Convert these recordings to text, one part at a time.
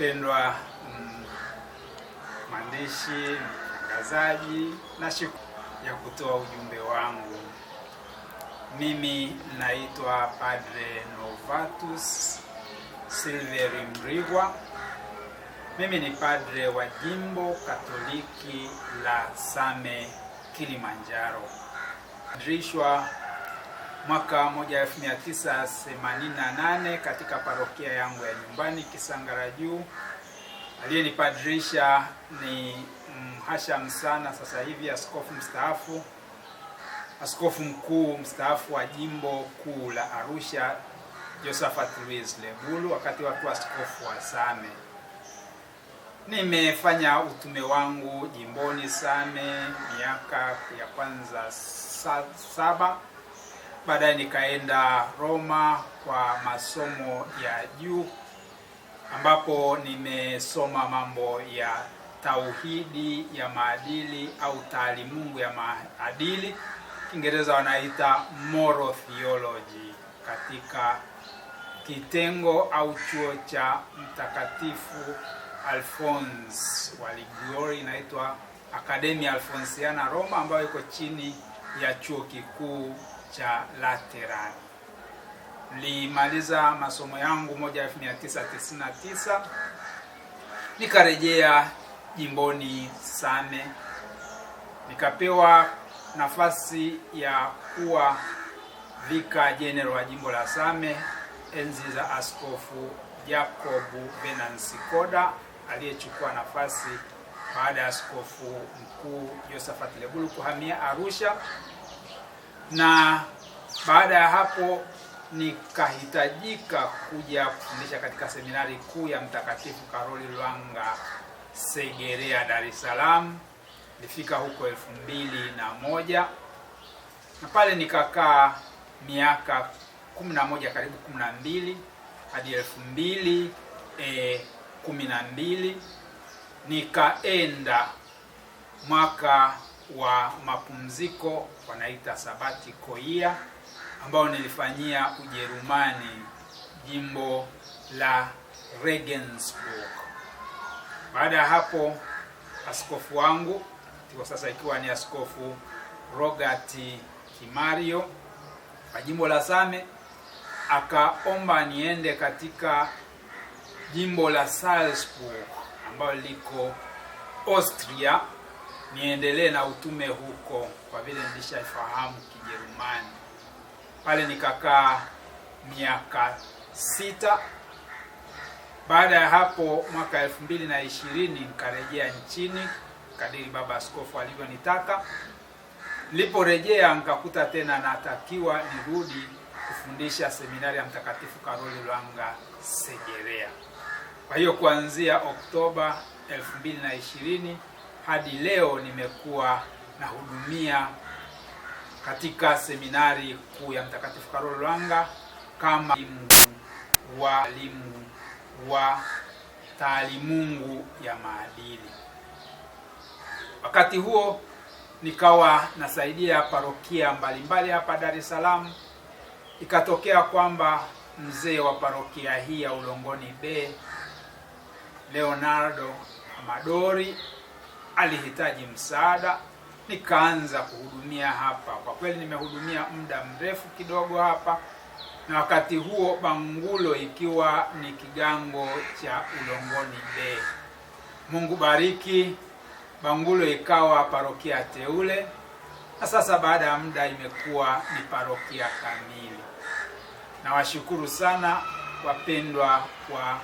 mpendwa mm, mwandishi mtangazaji, na siku ya kutoa ujumbe wangu. Mimi naitwa Padre Novatus Silveri Mrigwa. Mimi ni padre wa jimbo Katoliki la Same Kilimanjaro, dirishwa mwaka 1988 katika parokia yangu ya nyumbani Kisangara Juu. Aliyenipadrisha ni mhasham sana sasa hivi askofu mstaafu, askofu mkuu mstaafu wa jimbo kuu la Arusha Josephat Louis Lebulu, wakati watu askofu wa Same. Nimefanya utume wangu jimboni Same miaka ya kwanza saba baadaye nikaenda Roma kwa masomo ya juu ambapo nimesoma mambo ya tauhidi ya maadili au taalimungu ya maadili, Kiingereza wanaita moral theology, katika kitengo au chuo cha Mtakatifu Alphonse wa Liguori, inaitwa Academia Alfonsiana Roma, ambayo iko chini ya chuo kikuu cha lateral. Nilimaliza masomo yangu moja 1999 nikarejea jimboni Same, nikapewa nafasi ya kuwa vika jenerali wa jimbo la Same enzi za Askofu Jacob Venansi Koda aliyechukua nafasi baada ya askofu mkuu Josephat Lebulu kuhamia Arusha na baada ya hapo nikahitajika kuja kufundisha katika seminari kuu ya Mtakatifu Karoli Lwanga Segerea, Dar es Salaam. Nilifika huko elfu mbili na moja na pale nikakaa miaka kumi na moja karibu kumi na mbili hadi elfu mbili e, kumi na mbili nikaenda mwaka wa mapumziko wanaita sabati koia, ambayo nilifanyia Ujerumani, jimbo la Regensburg. Baada ya hapo askofu wangu kwa sasa ikiwa ni askofu Robert Kimario wa jimbo la Same akaomba niende katika jimbo la Salzburg ambayo liko Austria niendelee na utume huko, kwa vile nilishafahamu Kijerumani. Pale nikakaa miaka sita. Baada ya hapo mwaka elfu mbili na ishirini nikarejea nchini kadiri baba askofu alivyonitaka. Niliporejea nikakuta tena natakiwa nirudi kufundisha seminari ya Mtakatifu Karoli Lwanga Segerea. Kwa hiyo kuanzia Oktoba elfu mbili na ishirini hadi leo nimekuwa nahudumia katika seminari kuu ya Mtakatifu Karol Lwanga kama wa alimu wa taalimungu ya maadili. Wakati huo nikawa nasaidia parokia mbalimbali hapa Dar es Salaam. Ikatokea kwamba mzee wa parokia hii ya Ulongoni B Leonardo Amadori alihitaji msaada, nikaanza kuhudumia hapa. Kwa kweli nimehudumia muda mrefu kidogo hapa, na wakati huo Bangulo ikiwa ni kigango cha Ulongoni be Mungu bariki. Bangulo ikawa parokia teule na sasa baada ya muda imekuwa ni parokia kamili. Nawashukuru sana wapendwa wa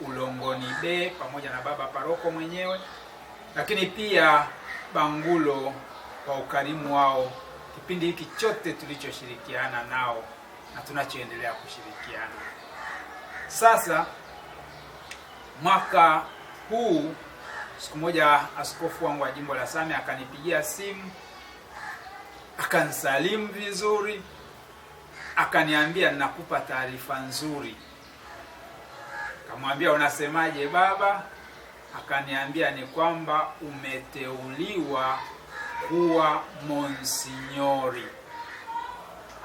Ulongoni be pamoja na baba paroko mwenyewe lakini pia Bangulo kwa ukarimu wao kipindi hiki chote tulichoshirikiana nao na tunachoendelea kushirikiana sasa. Mwaka huu siku moja askofu wangu wa jimbo la Same akanipigia simu akanisalimu vizuri, akaniambia nakupa taarifa nzuri. Kamwambia unasemaje baba? akaniambia ni kwamba umeteuliwa kuwa monsinyori.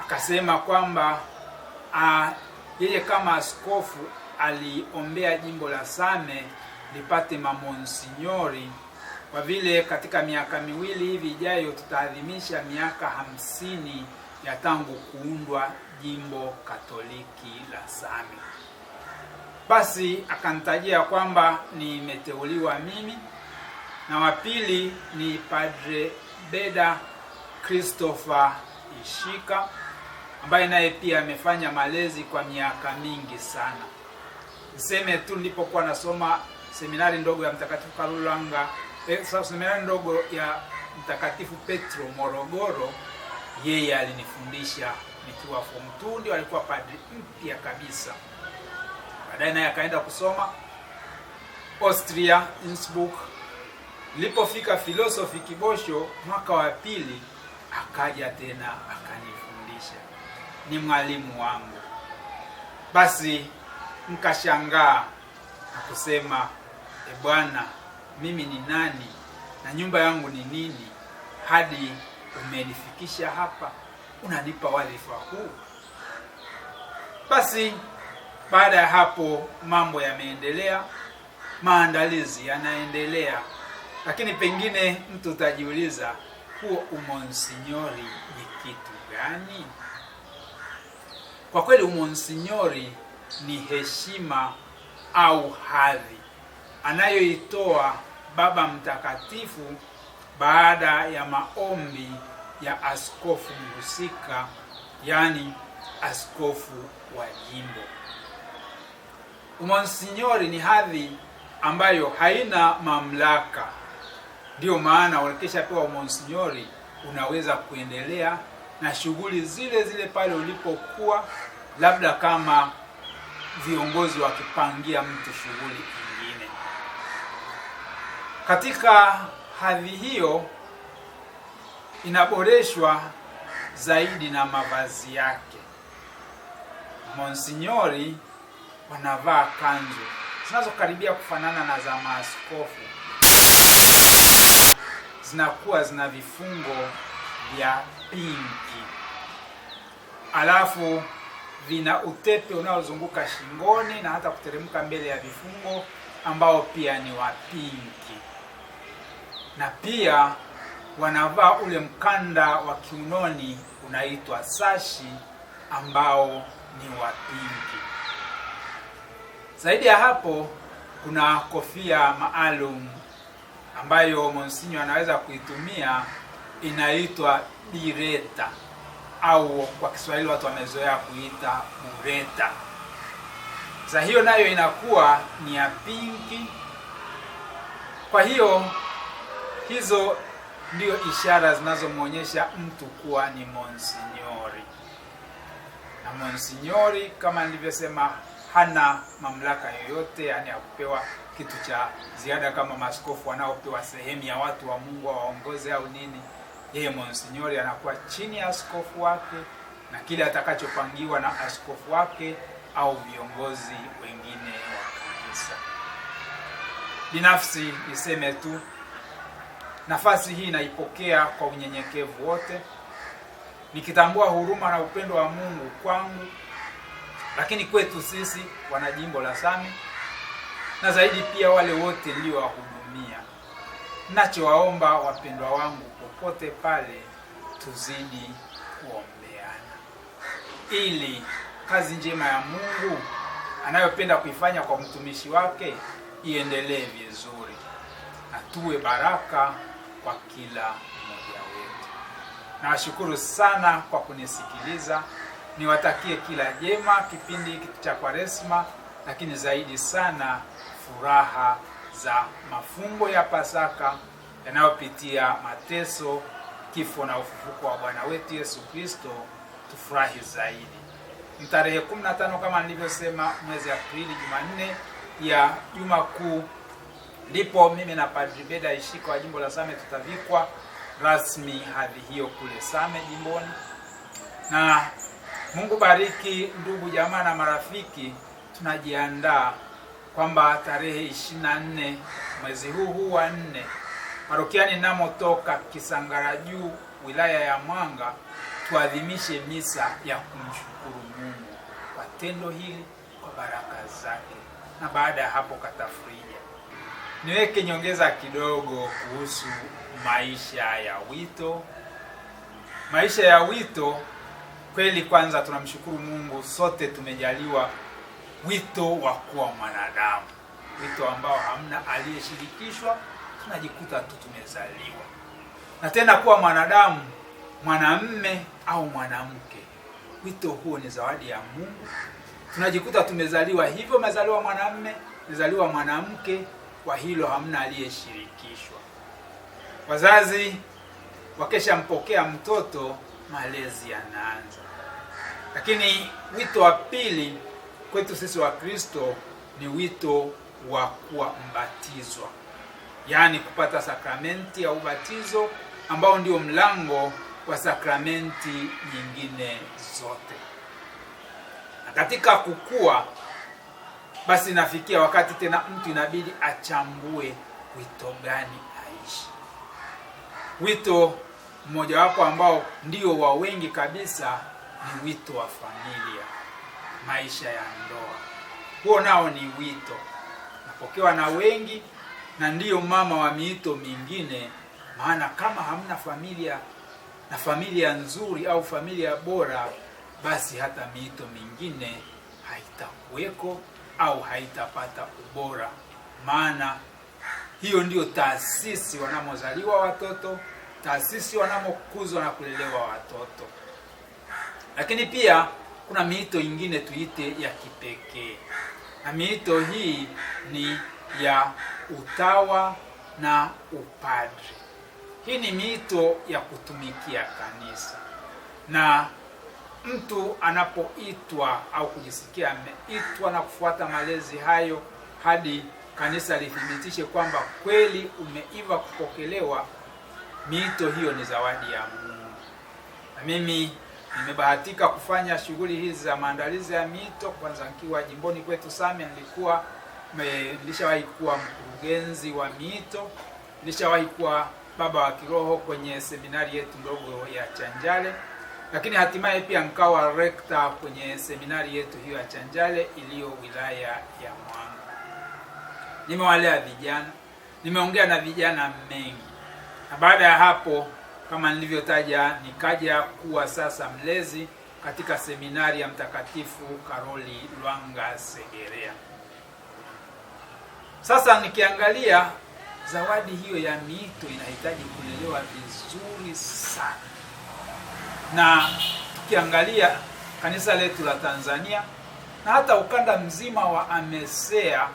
Akasema kwamba a, ah, yeye kama askofu aliombea jimbo la Same lipate mamonsinyori kwa vile katika miaka miwili hivi ijayo tutaadhimisha miaka hamsini ya tangu kuundwa jimbo Katoliki la Same. Basi akanitajia kwamba nimeteuliwa mimi na wa pili ni Padre Beda Christopher Ishika ambaye naye pia amefanya malezi kwa miaka mingi sana. Niseme tu nilipokuwa nasoma seminari ndogo ya Mtakatifu Karulanga, eh, seminari ndogo ya Mtakatifu Petro Morogoro, yeye alinifundisha nikiwa form 2, ndio alikuwa padri mpya kabisa. Baadaye naye akaenda kusoma Austria, Innsbruck. Nilipofika philosophy Kibosho mwaka wa pili, akaja tena akanifundisha, ni mwalimu wangu. Basi nkashangaa na kusema, e Bwana, mimi ni nani na nyumba yangu ni nini hadi umenifikisha hapa, unanipa wadhifa huu? Basi baada ya hapo mambo yameendelea, maandalizi yanaendelea, lakini pengine mtu utajiuliza huo umonsinyori ni kitu gani? Kwa kweli umonsinyori ni heshima au hadhi anayoitoa Baba Mtakatifu baada ya maombi ya askofu mhusika, yaani askofu wa jimbo umonsinyori ni hadhi ambayo haina mamlaka, ndiyo maana ukishapewa umonsinyori unaweza kuendelea na shughuli zile zile pale ulipokuwa, labda kama viongozi wakipangia mtu shughuli nyingine. Katika hadhi hiyo inaboreshwa zaidi na mavazi yake. Monsinyori wanavaa kanzu zinazokaribia kufanana na za maaskofu, zinakuwa zina vifungo vya pinki, alafu vina utepe unaozunguka shingoni na hata kuteremka mbele ya vifungo ambao pia ni wa pinki, na pia wanavaa ule mkanda wa kiunoni unaitwa sashi ambao ni wa pinki. Zaidi ya hapo, kuna kofia maalum ambayo monsinyo anaweza kuitumia, inaitwa direta au kwa Kiswahili watu wamezoea kuita bureta. Sasa hiyo nayo inakuwa ni ya pinki. Kwa hiyo hizo ndio ishara zinazomwonyesha mtu kuwa ni monsinyori, na monsinyori kama nilivyosema hana mamlaka yoyote, yaani akupewa kitu cha ziada kama maskofu wanaopewa sehemu ya watu wa Mungu waongoze au nini. Yeye monsinyori anakuwa chini ya askofu wake na kile atakachopangiwa na askofu wake au viongozi wengine wa kanisa. Binafsi niseme tu, nafasi hii naipokea kwa unyenyekevu wote, nikitambua huruma na upendo wa Mungu kwangu lakini kwetu sisi wana jimbo la Same na zaidi pia wale wote niliowahudumia, nachowaomba wapendwa wangu, popote pale, tuzidi kuombeana ili kazi njema ya Mungu anayopenda kuifanya kwa mtumishi wake iendelee vizuri, na tuwe baraka kwa kila mmoja wetu. Nawashukuru sana kwa kunisikiliza niwatakie kila jema kipindi hiki cha Kwaresma, lakini zaidi sana furaha za mafungo ya Pasaka yanayopitia mateso, kifo na ufufuko wa Bwana wetu Yesu Kristo, tufurahi zaidi. Ni tarehe 15 kama nilivyosema, mwezi Aprili, Jumanne ya Juma Kuu, ndipo mimi na Padri Beda Ishiko wa jimbo la Same tutavikwa rasmi hadhi hiyo kule Same jimboni na Mungu bariki ndugu jamaa na marafiki. Tunajiandaa kwamba tarehe ishirini na nne mwezi huu huu wa nne, parokiani namotoka Kisangara Juu, wilaya ya Mwanga, tuadhimishe misa ya kumshukuru Mungu kwa tendo hili, kwa baraka zake, na baada ya hapo katafurija Niweke nyongeza kidogo kuhusu maisha ya wito, maisha ya wito Kweli kwanza tunamshukuru Mungu, sote tumejaliwa wito wa kuwa mwanadamu, wito ambao hamna aliyeshirikishwa. Tunajikuta tu tumezaliwa, na tena kuwa mwanadamu, mwanamme au mwanamke. Wito huo ni zawadi ya Mungu. Tunajikuta tumezaliwa hivyo, mezaliwa mwanamme, mezaliwa mwanamke, kwa hilo hamna aliyeshirikishwa. Wazazi wakesha mpokea mtoto, malezi yanaanza. Lakini wito wa pili kwetu sisi wa Kristo ni wito wa kuwa mbatizwa, yaani kupata sakramenti ya ubatizo ambao ndio mlango wa sakramenti nyingine zote. Na katika kukua basi, nafikia wakati tena mtu inabidi achambue wito gani aishi. Wito mmojawapo ambao ndio wa wengi kabisa ni wito wa familia, maisha ya ndoa, huo nao ni wito napokewa na wengi, na ndiyo mama wa miito mingine. Maana kama hamna familia na familia nzuri au familia bora, basi hata miito mingine haitakuweko au haitapata ubora, maana hiyo ndiyo taasisi wanamozaliwa watoto, taasisi wanamokuzwa na kulelewa watoto lakini pia kuna miito ingine tuite ya kipekee, na miito hii ni ya utawa na upadre. Hii ni miito ya kutumikia kanisa, na mtu anapoitwa au kujisikia ameitwa na kufuata malezi hayo hadi kanisa lithibitishe kwamba kweli umeiva kupokelewa, miito hiyo ni zawadi ya Mungu, na mimi nimebahatika kufanya shughuli hizi za maandalizi ya mito. Kwanza nikiwa jimboni kwetu Same nilikuwa nilishawahi kuwa mkurugenzi wa mito, nilishawahi kuwa baba wa kiroho kwenye seminari yetu ndogo ya Chanjale, lakini hatimaye pia nikawa rekta kwenye seminari yetu hiyo ya Chanjale iliyo wilaya ya Mwanga. Nimewalea vijana, nimeongea na vijana mengi, na baada ya hapo kama nilivyotaja, nikaja kuwa sasa mlezi katika seminari ya Mtakatifu Karoli Lwanga Segerea. Sasa nikiangalia zawadi hiyo ya miito inahitaji kulelewa vizuri sana, na tukiangalia kanisa letu la Tanzania na hata ukanda mzima wa AMESEA,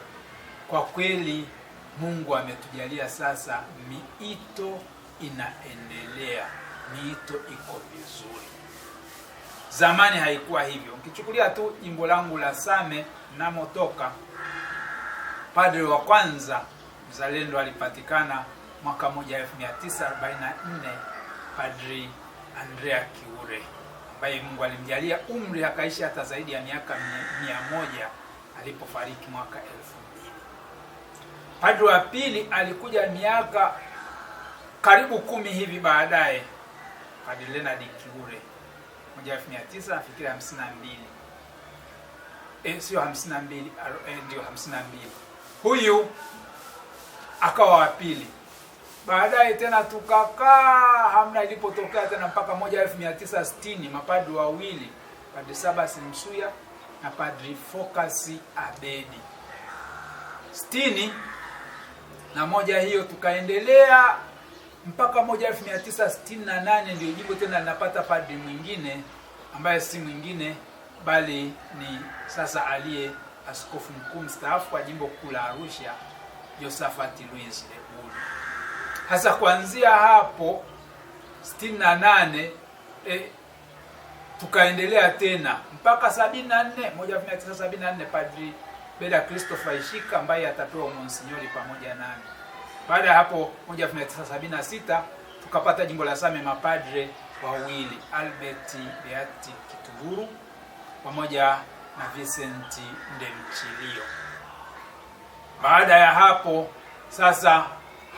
kwa kweli Mungu ametujalia sasa miito inaendelea, miito iko vizuri. Zamani haikuwa hivyo. Ukichukulia tu jimbo langu la Same namotoka, padre wa kwanza mzalendo alipatikana mwaka 1944 Padri Andrea Kiure ambaye Mungu alimjalia umri akaishi hata zaidi ya miaka mia moja alipofariki mwaka elfu mbili. Padri wa pili alikuja miaka karibu kumi hivi baadaye, Padre Leonard Kiure mbili e, sio 52 eh, ndio mbili huyu akawa wa pili. Baadaye tena tukakaa hamna ilipotokea tena mpaka moja 1960 mapadri wawili, Padre Sabas Msuya na Padri Focus Abedi. Sitini na moja hiyo tukaendelea mpaka moja elfu mia tisa sitini na nane ndio jimbo tena linapata padri mwingine ambaye si mwingine bali ni sasa aliye askofu mkuu mstaafu wa jimbo kuu la Arusha Josafati Louis Lebulu. Hasa kuanzia hapo sitini na nane e, tukaendelea tena mpaka sabini na nne moja elfu mia tisa sabini na nne padri Beda Christopher Ishika ambaye atapewa monsinyori pamoja nani baada ya hapo 1976 tukapata jimbo la Same mapadre wawili Albert Beati Kituguru pamoja na Vincent Ndemchilio. Baada ya hapo sasa,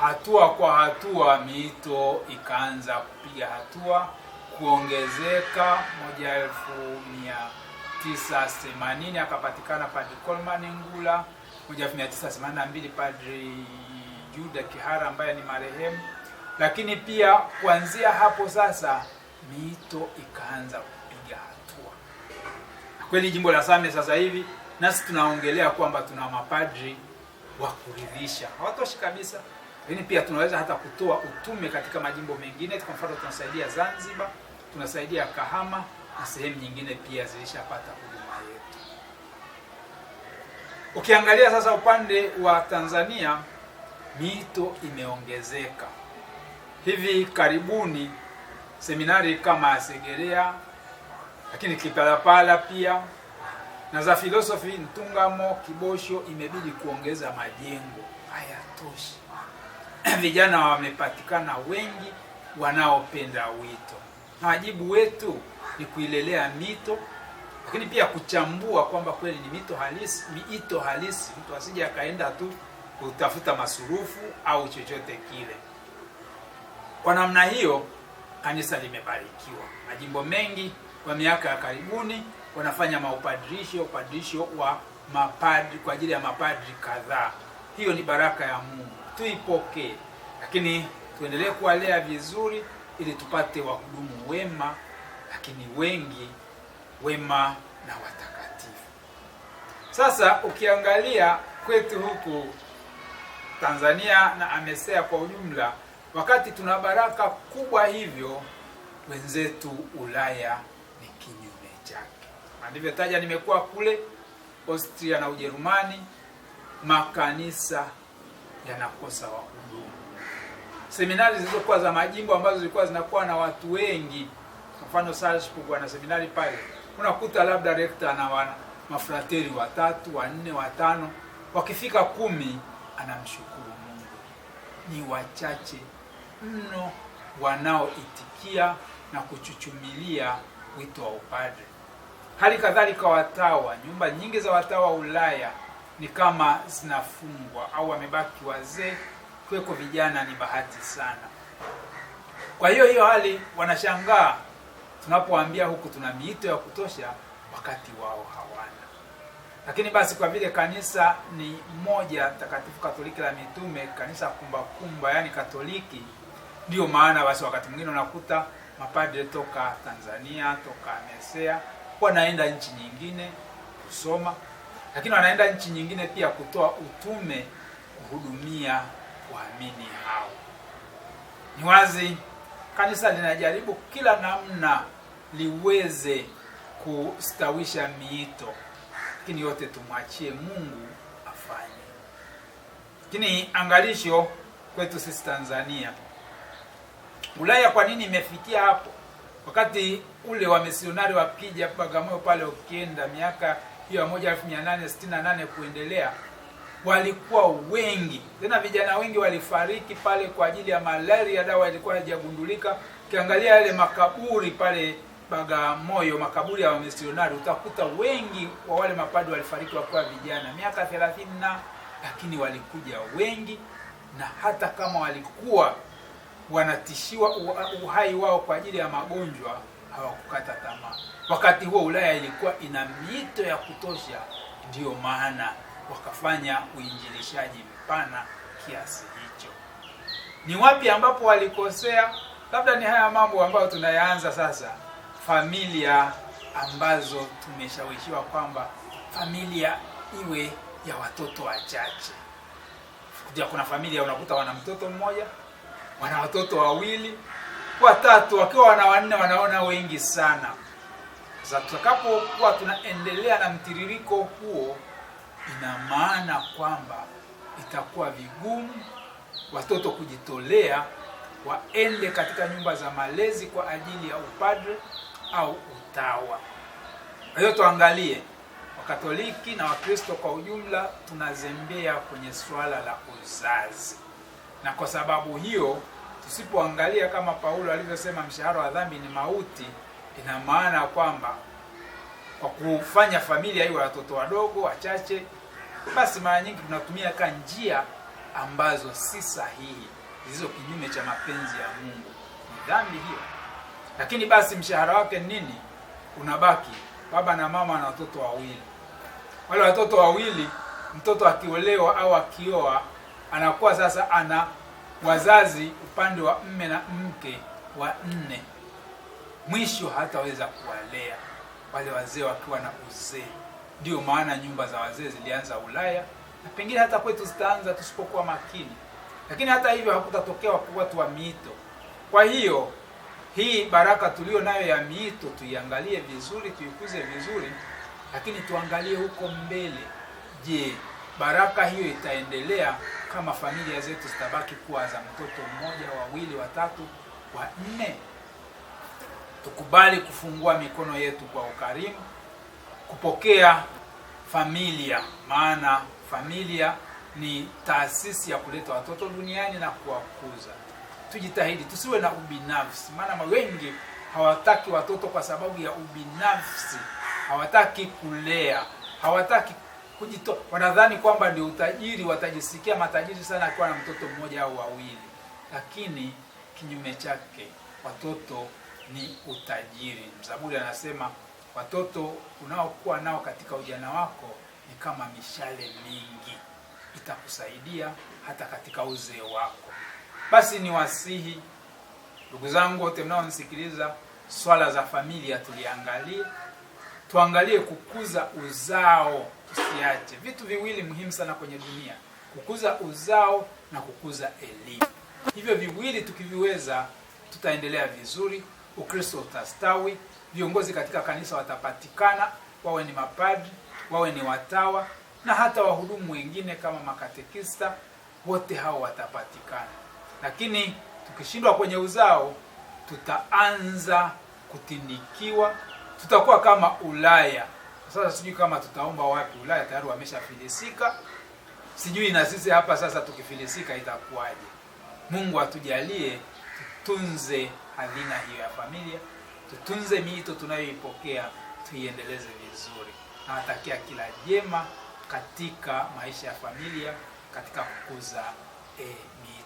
hatua kwa hatua miito ikaanza kupiga hatua kuongezeka. Moja elfu mia tisa themanini akapatikana Padre Coleman Ngula, moja elfu mia tisa themanini na mbili Padre Juda Kihara ambaye ni marehemu, lakini pia kuanzia hapo sasa miito ikaanza kupiga hatua. Kweli jimbo la Same sasa hivi nasi tunaongelea kwamba tuna mapadri wa kuridhisha, hawatoshi kabisa, lakini pia tunaweza hata kutoa utume katika majimbo mengine. Kwa mfano, tunasaidia Zanzibar, tunasaidia Kahama na sehemu nyingine pia zilishapata huduma yetu. Ukiangalia sasa upande wa Tanzania mito imeongezeka. Hivi karibuni seminari kama ya Segerea, lakini Kipalapala pia na za filosofi Ntungamo, Kibosho imebidi kuongeza majengo. Hayatoshi. Vijana wamepatikana wengi wanaopenda wito, na wajibu wetu ni kuilelea mito, lakini pia kuchambua kwamba kweli ni mito halisi, miito halisi, mtu asije akaenda tu kutafuta masurufu au chochote kile. Kwa namna hiyo kanisa limebarikiwa. Majimbo mengi kwa miaka ya karibuni wanafanya maupadrisho, upadrisho wa mapadri kwa ajili ya mapadri kadhaa. Hiyo ni baraka ya Mungu, tuipokee, lakini tuendelee kuwalea vizuri ili tupate wahudumu wema, lakini wengi wema na watakatifu. Sasa ukiangalia kwetu huku Tanzania na AMESEA kwa ujumla, wakati tuna baraka kubwa hivyo, wenzetu Ulaya ni kinyume chake. taja, nimekuwa kule Austria na Ujerumani, makanisa yanakosa wahudumu. Seminari zilizokuwa za majimbo ambazo zilikuwa zinakuwa na watu wengi, kwa mfano Salzburg wana seminari pale, unakuta labda rekta na wana mafrateri watatu wanne watano, wakifika kumi anamshukuru Mungu. Ni wachache mno wanaoitikia na kuchuchumilia wito wa upadre. Hali kadhalika watawa, nyumba nyingi za watawa Ulaya ni kama zinafungwa au wamebaki wazee, kweko vijana ni bahati sana. Kwa hiyo hiyo hali wanashangaa tunapoambia huku tuna miito ya kutosha, wakati wao hawa lakini basi kwa vile kanisa ni moja takatifu Katoliki la mitume, kanisa kumbakumba, yani Katoliki, ndio maana basi wakati mwingine unakuta mapadre toka Tanzania, toka Mesea wanaenda nchi nyingine kusoma, lakini wanaenda nchi nyingine pia kutoa utume, kuhudumia waamini hao. Ni wazi kanisa linajaribu kila namna liweze kustawisha miito lakini yote tumwachie Mungu afanye. Lakini angalisho kwetu sisi Tanzania, Ulaya kwa nini imefikia hapo? Wakati ule wamisionari wakija Bagamoyo pale, ukienda miaka hiyo ya 1868 kuendelea, walikuwa wengi tena, vijana wengi walifariki pale kwa ajili ya malaria, dawa ilikuwa haijagundulika. Ukiangalia yale makaburi pale Bagamoyo, makaburi ya wamisionari, utakuta wengi wa wale mapadri walifariki wakiwa vijana miaka thelathini na, lakini walikuja wengi, na hata kama walikuwa wanatishiwa uhai wao kwa ajili ya magonjwa hawakukata tamaa. Wakati huo Ulaya ilikuwa ina mito ya kutosha, ndiyo maana wakafanya uinjilishaji mpana kiasi hicho. Ni wapi ambapo walikosea? Labda ni haya mambo ambayo tunayaanza sasa familia ambazo tumeshawishiwa kwamba familia iwe ya watoto wachache. Kuna familia unakuta wana mtoto mmoja, wana watoto wawili, watatu, wakiwa wana wanne, wanaona wengi sana. Sasa tutakapokuwa tunaendelea na mtiririko huo, ina maana kwamba itakuwa vigumu watoto kujitolea waende katika nyumba za malezi kwa ajili ya upadre au utawa. Kwa hiyo tuangalie Wakatoliki na Wakristo kwa ujumla tunazembea kwenye swala la uzazi, na kwa sababu hiyo tusipoangalia kama Paulo alivyosema, mshahara wa dhambi ni mauti, ina maana kwamba kwa kufanya familia hiyo watoto wadogo wachache, basi mara nyingi tunatumia ka njia ambazo si sahihi, zilizo kinyume cha mapenzi ya Mungu. Ni dhambi hiyo lakini basi mshahara wake nini unabaki baba na mama na watoto wawili. Wale watoto wawili, mtoto akiolewa au akioa, anakuwa sasa ana wazazi upande wa mme na mke wa nne. Mwisho hataweza kuwalea wale wazee wakiwa na uzee. Ndio maana nyumba za wazee zilianza Ulaya na pengine hata kwetu zitaanza tusipokuwa makini, lakini hata hivyo hakutatokea watu wa miito. Kwa hiyo hii baraka tuliyo nayo ya miito tuiangalie vizuri, tuikuze vizuri, lakini tuangalie huko mbele. Je, baraka hiyo itaendelea kama familia zetu zitabaki kuwa za mtoto mmoja, wawili, watatu, wa nne? Tukubali kufungua mikono yetu kwa ukarimu kupokea familia, maana familia ni taasisi ya kuleta watoto duniani na kuwakuza tujitahidi tusiwe na ubinafsi, maana wengi hawataki watoto kwa sababu ya ubinafsi, hawataki kulea, hawataki kujitoa. Wanadhani kwamba ndio utajiri, watajisikia matajiri sana akiwa na mtoto mmoja au wawili, lakini kinyume chake watoto ni utajiri. Mzaburi anasema watoto unaokuwa nao katika ujana wako ni kama mishale mingi, itakusaidia hata katika uzee wako. Basi ni wasihi ndugu zangu wote mnaonisikiliza, swala za familia tuliangalie, tuangalie kukuza uzao, tusiache vitu viwili muhimu sana kwenye dunia, kukuza uzao na kukuza elimu. Hivyo viwili tukiviweza, tutaendelea vizuri, Ukristo utastawi, viongozi katika kanisa watapatikana, wawe ni mapadri, wawe ni watawa na hata wahudumu wengine kama makatekista, wote hao watapatikana lakini tukishindwa kwenye uzao tutaanza kutinikiwa, tutakuwa kama Ulaya. Sasa sijui kama tutaomba wapi, Ulaya tayari wameshafilisika, sijui na sisi hapa sasa tukifilisika itakuwaje? Mungu atujalie tutunze hazina hiyo ya familia, tutunze miito tunayoipokea, tuiendeleze vizuri. Nawatakia kila jema katika maisha ya familia, katika kukuza eh,